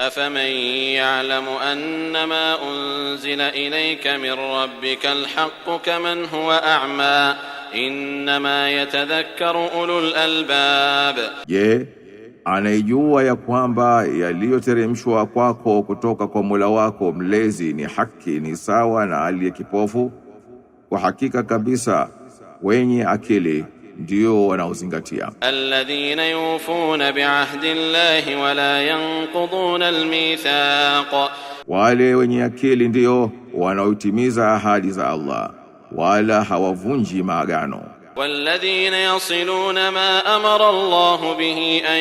أفمن يعلم أنما أنزل إليك من ربك الحق كمن هو أعمى إنما يتذكر أولو الألباب Je, anaijua ya kwamba yaliyoteremshwa kwako kutoka kwa Mola wako mlezi ni haki ni sawa na aliye kipofu? Kwa hakika kabisa wenye akili ndio wanaozingatia. Alladhina yufuna biahdi Allahi wa yanquduna almithaq, wale wenye akili ndio wanaotimiza ahadi za Allah wala hawavunji maagano. Walladhina yasiluna ma amara Allahu bihi an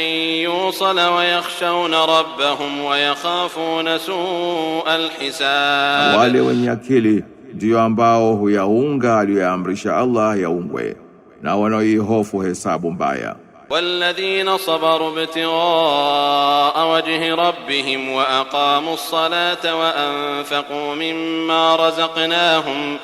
yusala wa yakhshawna rabbahum wa yakhafuna su'a alhisab, wale wenye akili ndio ambao huyaunga aliyoyaamrisha Allah yaungwe na wanaoihofu hesabu mbaya. والذين صبروا ابتغاء وجه ربهم وأقاموا الصلاة وأنفقوا مما رزقناهم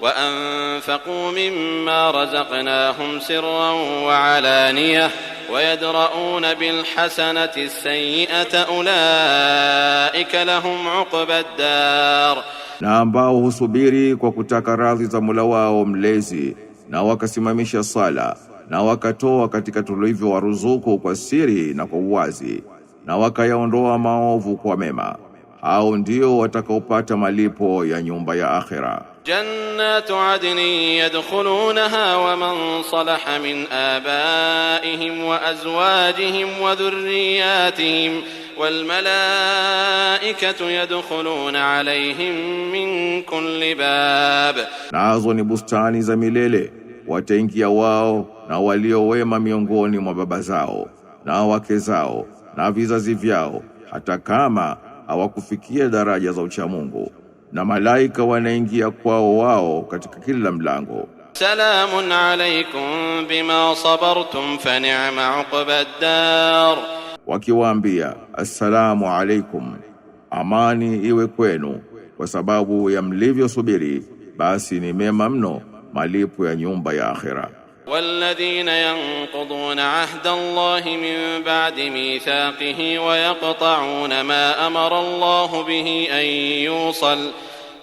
وأنفقوا مما رزقناهم سرا وعلانية ويدرؤون بالحسنة السيئة أولئك لهم عقبى الدار na ambao husubiri kwa kutaka radhi za Mola wao mlezi na wakasimamisha sala na wakatoa katika tulivyo waruzuku kwa siri na kwa uwazi na wakayaondoa maovu kwa mema hao ndio watakaopata malipo ya nyumba ya akhira. Jannatu adni yadkhulunaha wa man salaha min abaihim wa azwajihim wa dhurriyatihim walmalaikatu yadkhuluna alayhim min kulli bab, nazo ni bustani za milele wataingia wao na waliowema miongoni mwa baba zao na wake zao na vizazi vyao, hata kama hawakufikia daraja za uchamungu, na malaika wanaingia kwao wao katika kila mlango. Salamun alaykum bima sabartum fa ni'ma uqbad dar wakiwaambia assalamu alaikum, amani iwe kwenu, kwa sababu ya mlivyosubiri, basi ni mema mno malipo ya nyumba ya akhira. والذين ينقضون عهد الله من بعد ميثاقه ويقطعون ما أمر الله به أن يوصل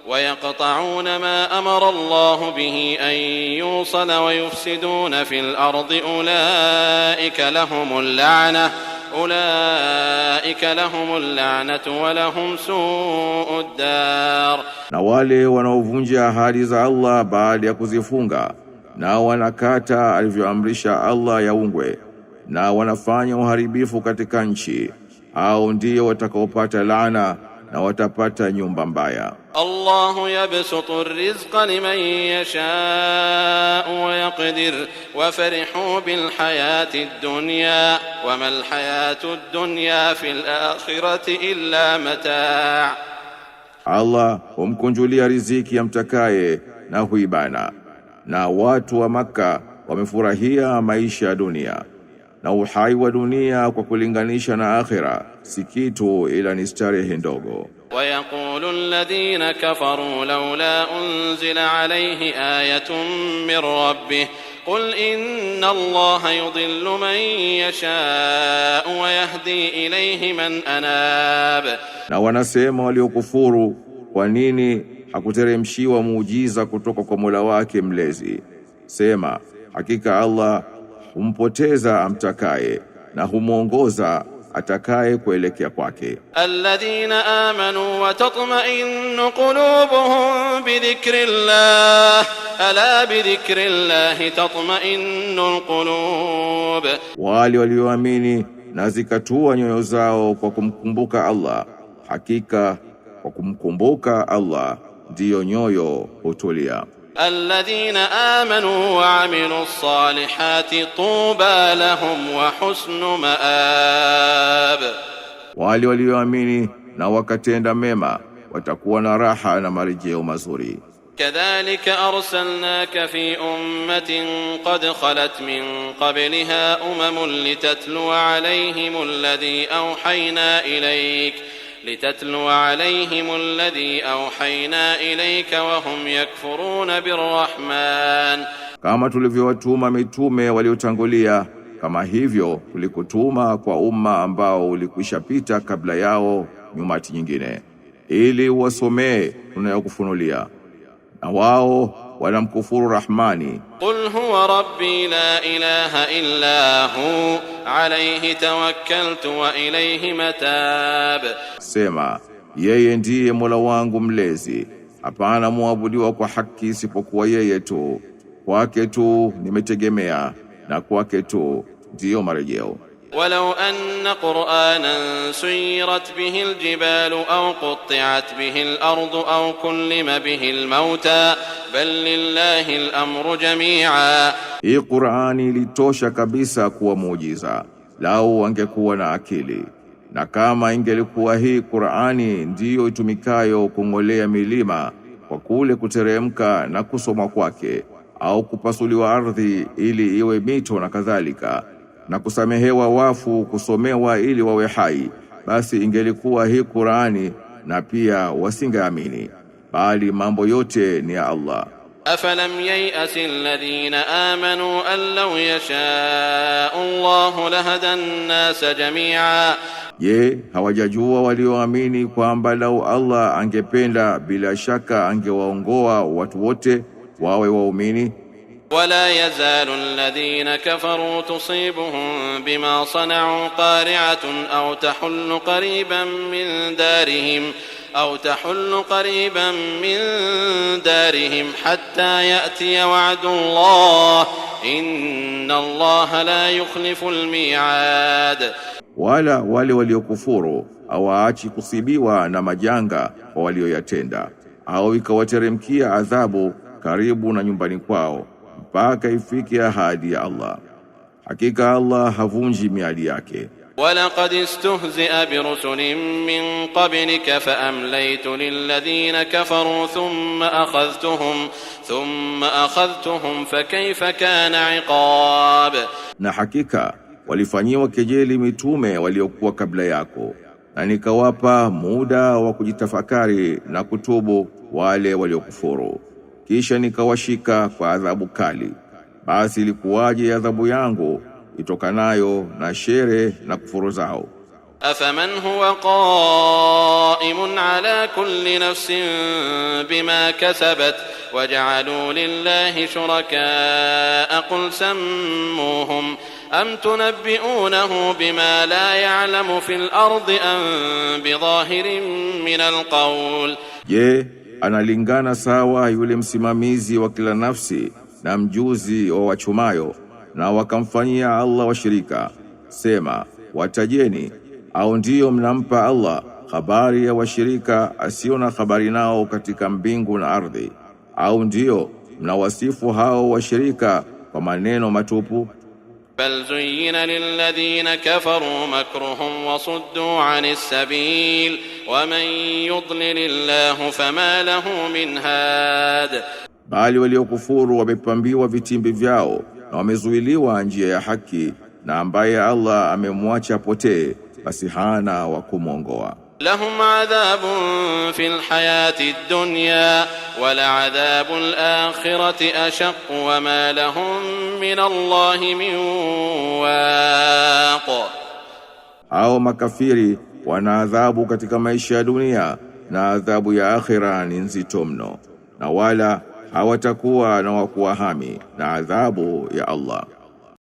ويقطعون ما أمر الله به أن يوصل ويفسدون في الأرض أولئك لهم اللعنة أولئك لهم اللعنة ولهم سوء الدار نوالي ونوفنجا هاريزا الله بعد يكوزفونغا نو ونكاتا الفي أمرشا الله يونغوي نو ونفاني وهاربيفو katika nchi أو ndio watakaopata laana na watapata nyumba mbaya. allah yabsutu rizqa liman yasha wa yaqdir wa farihu bil hayati dunya wa mal hayatu dunya fil akhirati illa mataa. Allah humkunjulia riziki amtakaye na huibana, na watu wa Makka wamefurahia maisha ya dunia na uhai wa dunia kwa kulinganisha na akhira si kitu ila ni starehe ndogo. wayaqulu alladhina kafaru laula unzila alayhi ayatun min rabbih qul inna allaha yudhillu man yasha wa yahdi ilayhi man anab, na wanasema waliokufuru, kwa nini hakuteremshiwa muujiza kutoka kwa Mola wake mlezi? Sema, hakika Allah humpoteza amtakaye na humwongoza atakaye kuelekea kwake. Alladhina amanu wa tatma'innu qulubuhum bi dhikrillah ala bi dhikrillah tatma'innu alqulub, wale walioamini na zikatua nyoyo zao kwa kumkumbuka Allah, hakika kwa kumkumbuka Allah ndiyo nyoyo hutulia. الذين آمنوا وعملوا الصالحات طوبى لهم وحسن مآب wale walioamini na wakatenda mema وتكون راحة على na marejeo mazuri كذلك أرسلناك في أمة قد خلت من قبلها أمم لتتلو عليهم الذي أوحينا إليك لتتلو عليهم الذي auhaina ilaika wahum yakfuruna birrahman, kama tulivyowatuma mitume waliotangulia, kama hivyo tulikutuma kwa umma ambao ulikwishapita kabla yao nyumati nyingine, ili wasomee tunayokufunulia, na wao wanamkufuru Rahmani. Qul huwa rabbi la ilaha illa hu alayhi tawakkaltu wa ilayhi matab, sema yeye ndiye Mola wangu mlezi, hapana muabudiwa kwa haki isipokuwa yeye tu, kwake tu nimetegemea na kwake tu ndiyo marejeo. Walau anna Qur'anan suyirat bihi aljibalu au qutti'at bihi alardu au kullima bihi almauta bal lillahi alamru jami'a hii Qur'ani ilitosha kabisa kuwa muujiza lau wangekuwa na akili, na kama ingelikuwa hii Qur'ani ndiyo itumikayo kung'olea milima kwa kule kuteremka na kusoma kwake, au kupasuliwa ardhi ili iwe mito na kadhalika, na kusamehewa wafu kusomewa ili wawe hai, basi ingelikuwa hii Qur'ani na pia wasingeamini, bali mambo yote ni ya Allah. أفلم ييأس الذين آمنوا أن لو يشاء الله لهدى الناس جميعا Ye, hawajajua walioamini kwamba lau Allah angependa bila shaka angewaongoa watu wote wawe waumini? ولا يزال الذين كفروا تصيبهم بما صنعوا قارعة أو تحل قريبا من دارهم أو تحل قريبا من دارهم حتى يأتي وعد الله إن الله لا يخلف الميعاد wala wale waliokufuru hawaachi kusibiwa na majanga kwa walioyatenda au ikawateremkia adhabu karibu na nyumbani kwao mpaka ifike ahadi ya Allah. Hakika Allah havunji miadi yake. ولقد استهزئ برسل من قبلك فأمليت للذين كفروا ثم أخذتهم ثم أخذتهم فكيف كان عقاب نحكيك hakika walifanyiwa kejeli mitume waliokuwa kabla yako na nikawapa muda wa kujitafakari na kutubu wale waliokufuru kisha nikawashika kwa adhabu kali basi ilikuwaje adhabu yangu itokanayo na shere na kufuru zao. Afaman huwa qaimun ala kulli nafsin bima kasabat waj'alu lillahi shurakaa qul sammuhum am tunabbi'unahu bima la ya'lamu fil ardi am bidhahirin min alqawl, je, analingana sawa yule msimamizi wa kila nafsi na mjuzi wa wachumayo na wakamfanyia Allah washirika. Sema, watajeni au ndiyo mnampa Allah habari ya washirika asio na habari nao katika mbingu na ardhi? Au ndiyo mnawasifu hao washirika kwa maneno matupu? bal zuyyina lilladhina kafaru makruhum wa suddu anis sabil wa man Allah fama lahu min had, bali waliokufuru wamepambiwa vitimbi vyao na wamezuiliwa njia ya haki na ambaye Allah amemwacha potee basi hana wa kumwongoa. lahum adhabun fil hayati dunya wa la adhabul akhirati ashaq wa ma lahum min Allah min waq, au makafiri wana adhabu katika maisha ya dunia na adhabu ya akhira ni nzito mno na wala hawatakuwa na wakuwahami na adhabu ya Allah.